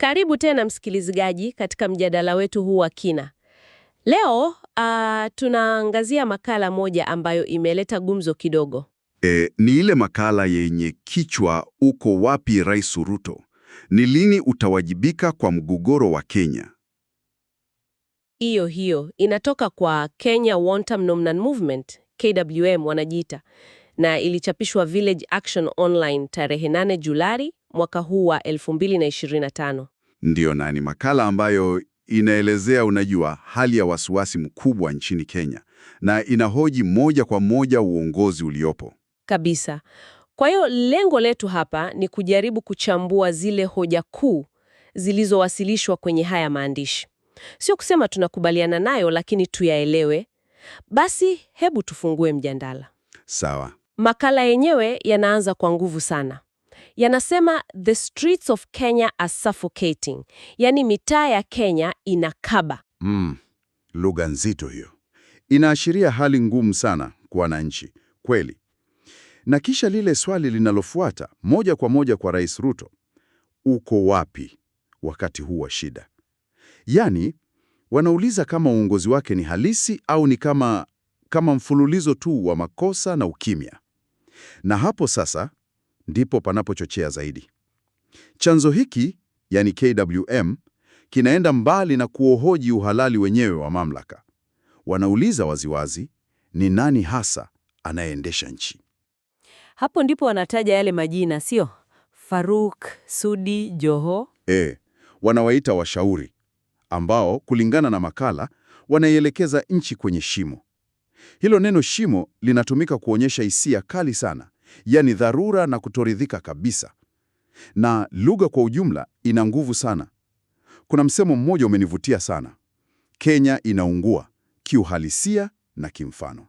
Karibu tena msikilizaji katika mjadala wetu huu wa kina. Leo uh, tunaangazia makala moja ambayo imeleta gumzo kidogo. E, ni ile makala yenye kichwa uko wapi Rais Ruto? Ni lini utawajibika kwa mgogoro wa Kenya? Hiyo hiyo inatoka kwa Kenya Wantam Movement, KWM wanajiita na ilichapishwa Village Action Online tarehe 8 Julai mwaka huu wa 2025. Ndiyo, na ni makala ambayo inaelezea, unajua, hali ya wasiwasi mkubwa nchini Kenya na inahoji moja kwa moja uongozi uliopo kabisa. Kwa hiyo lengo letu hapa ni kujaribu kuchambua zile hoja kuu zilizowasilishwa kwenye haya maandishi. Sio kusema tunakubaliana nayo, lakini tuyaelewe. Basi hebu tufungue mjadala. Sawa. Makala yenyewe yanaanza kwa nguvu sana. Yanasema the streets of Kenya are suffocating, yaani mitaa ya Kenya inakaba. Mm, lugha nzito hiyo, inaashiria hali ngumu sana kwa wananchi kweli. Na kisha lile swali linalofuata moja kwa moja kwa Rais Ruto, uko wapi wakati huu wa shida? Yaani wanauliza kama uongozi wake ni halisi au ni kama kama mfululizo tu wa makosa na ukimya. Na hapo sasa ndipo panapochochea zaidi. Chanzo hiki yani KWM kinaenda mbali na kuohoji uhalali wenyewe wa mamlaka. Wanauliza waziwazi ni nani hasa anayeendesha nchi. Hapo ndipo wanataja yale majina, sio Faruk, Sudi, Joho. E, wanawaita washauri ambao kulingana na makala wanaielekeza nchi kwenye shimo. Hilo neno shimo linatumika kuonyesha hisia kali sana, yaani dharura na kutoridhika kabisa. Na lugha kwa ujumla ina nguvu sana. Kuna msemo mmoja umenivutia sana, Kenya inaungua kiuhalisia na kimfano.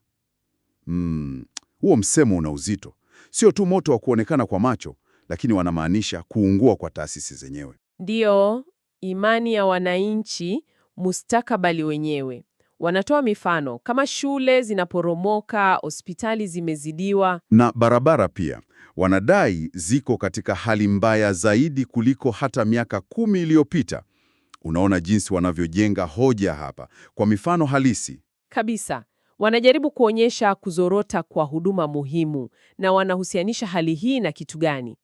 Mm, huo msemo una uzito, sio tu moto wa kuonekana kwa macho, lakini wanamaanisha kuungua kwa taasisi zenyewe, ndiyo imani ya wananchi, mustakabali wenyewe. Wanatoa mifano kama shule zinaporomoka, hospitali zimezidiwa na barabara pia wanadai ziko katika hali mbaya zaidi kuliko hata miaka kumi iliyopita. Unaona jinsi wanavyojenga hoja hapa kwa mifano halisi kabisa. Wanajaribu kuonyesha kuzorota kwa huduma muhimu na wanahusianisha hali hii na kitu gani?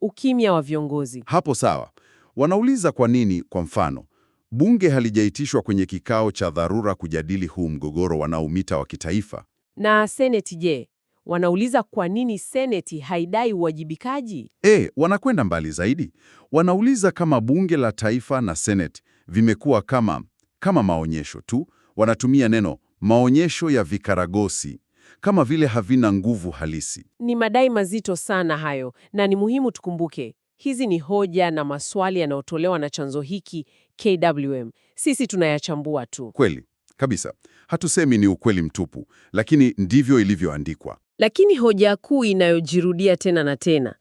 Ukimya wa viongozi. Hapo sawa. Wanauliza kwa nini, kwa mfano, bunge halijaitishwa kwenye kikao cha dharura kujadili huu mgogoro wanaomita wa kitaifa. Na seneti je? Wanauliza kwa nini seneti haidai uwajibikaji? E, wanakwenda mbali zaidi. Wanauliza kama bunge la taifa na seneti vimekuwa kama kama maonyesho tu. Wanatumia neno maonyesho ya vikaragosi, kama vile havina nguvu halisi. Ni madai mazito sana hayo, na ni muhimu tukumbuke Hizi ni hoja na maswali yanayotolewa na chanzo hiki KWM. Sisi tunayachambua tu. Kweli kabisa, hatusemi ni ukweli mtupu, lakini ndivyo ilivyoandikwa. Lakini hoja kuu inayojirudia tena na tena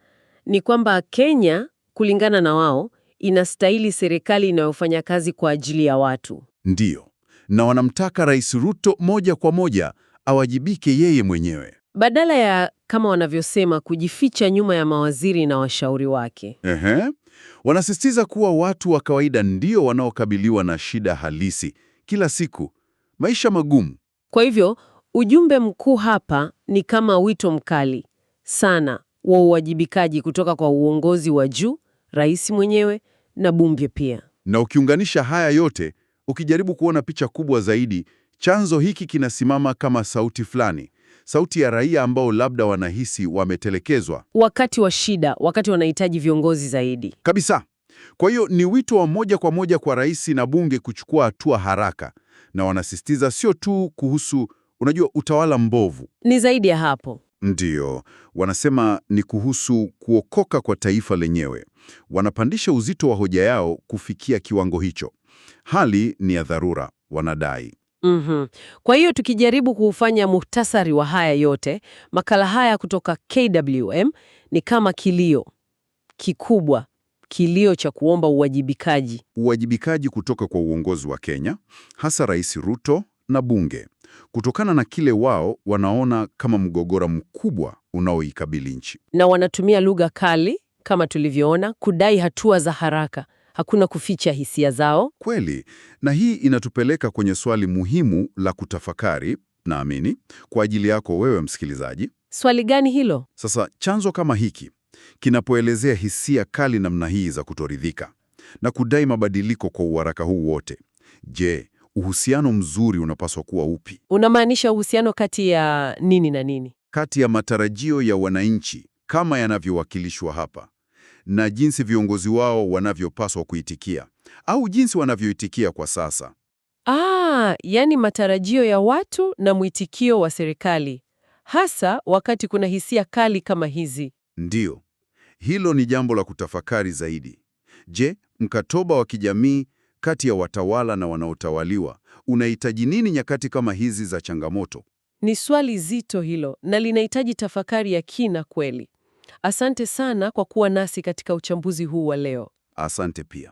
ni kwamba Kenya, kulingana na wao, inastahili serikali inayofanya kazi kwa ajili ya watu. Ndiyo, na wanamtaka Rais Ruto moja kwa moja awajibike yeye mwenyewe badala ya kama wanavyosema kujificha nyuma ya mawaziri na washauri wake. Ehe. Wanasisitiza kuwa watu wa kawaida ndio wanaokabiliwa na shida halisi kila siku, maisha magumu. Kwa hivyo ujumbe mkuu hapa ni kama wito mkali sana wa uwajibikaji kutoka kwa uongozi wa juu, rais mwenyewe na bunge pia. Na ukiunganisha haya yote, ukijaribu kuona picha kubwa zaidi, chanzo hiki kinasimama kama sauti fulani sauti ya raia ambao labda wanahisi wametelekezwa wakati wa shida, wakati wanahitaji viongozi zaidi kabisa. Kwa hiyo ni wito wa moja kwa moja kwa rais na bunge kuchukua hatua haraka, na wanasisitiza sio tu kuhusu, unajua, utawala mbovu, ni zaidi ya hapo. Ndiyo, wanasema ni kuhusu kuokoka kwa taifa lenyewe. Wanapandisha uzito wa hoja yao kufikia kiwango hicho. Hali ni ya dharura, wanadai. Mm -hmm. Kwa hiyo tukijaribu kuufanya muhtasari wa haya yote, makala haya kutoka KWM ni kama kilio kikubwa, kilio cha kuomba uwajibikaji. Uwajibikaji kutoka kwa uongozi wa Kenya, hasa Rais Ruto na bunge, kutokana na kile wao wanaona kama mgogoro mkubwa unaoikabili nchi. Na wanatumia lugha kali kama tulivyoona kudai hatua za haraka hakuna kuficha hisia zao. Kweli, na hii inatupeleka kwenye swali muhimu la kutafakari, naamini kwa ajili yako wewe msikilizaji. Swali gani hilo? Sasa, chanzo kama hiki kinapoelezea hisia kali namna hii za kutoridhika na kudai mabadiliko kwa uharaka huu wote, je, uhusiano mzuri unapaswa kuwa upi? Unamaanisha uhusiano kati ya nini na nini? Kati ya matarajio ya wananchi kama yanavyowakilishwa hapa na jinsi viongozi wao wanavyopaswa kuitikia au jinsi wanavyoitikia kwa sasa. Ah, yani matarajio ya watu na mwitikio wa serikali, hasa wakati kuna hisia kali kama hizi. Ndiyo, hilo ni jambo la kutafakari zaidi. Je, mkatoba wa kijamii kati ya watawala na wanaotawaliwa unahitaji nini nyakati kama hizi za changamoto? Ni swali zito hilo na linahitaji tafakari ya kina kweli. Asante sana kwa kuwa nasi katika uchambuzi huu wa leo. Asante pia.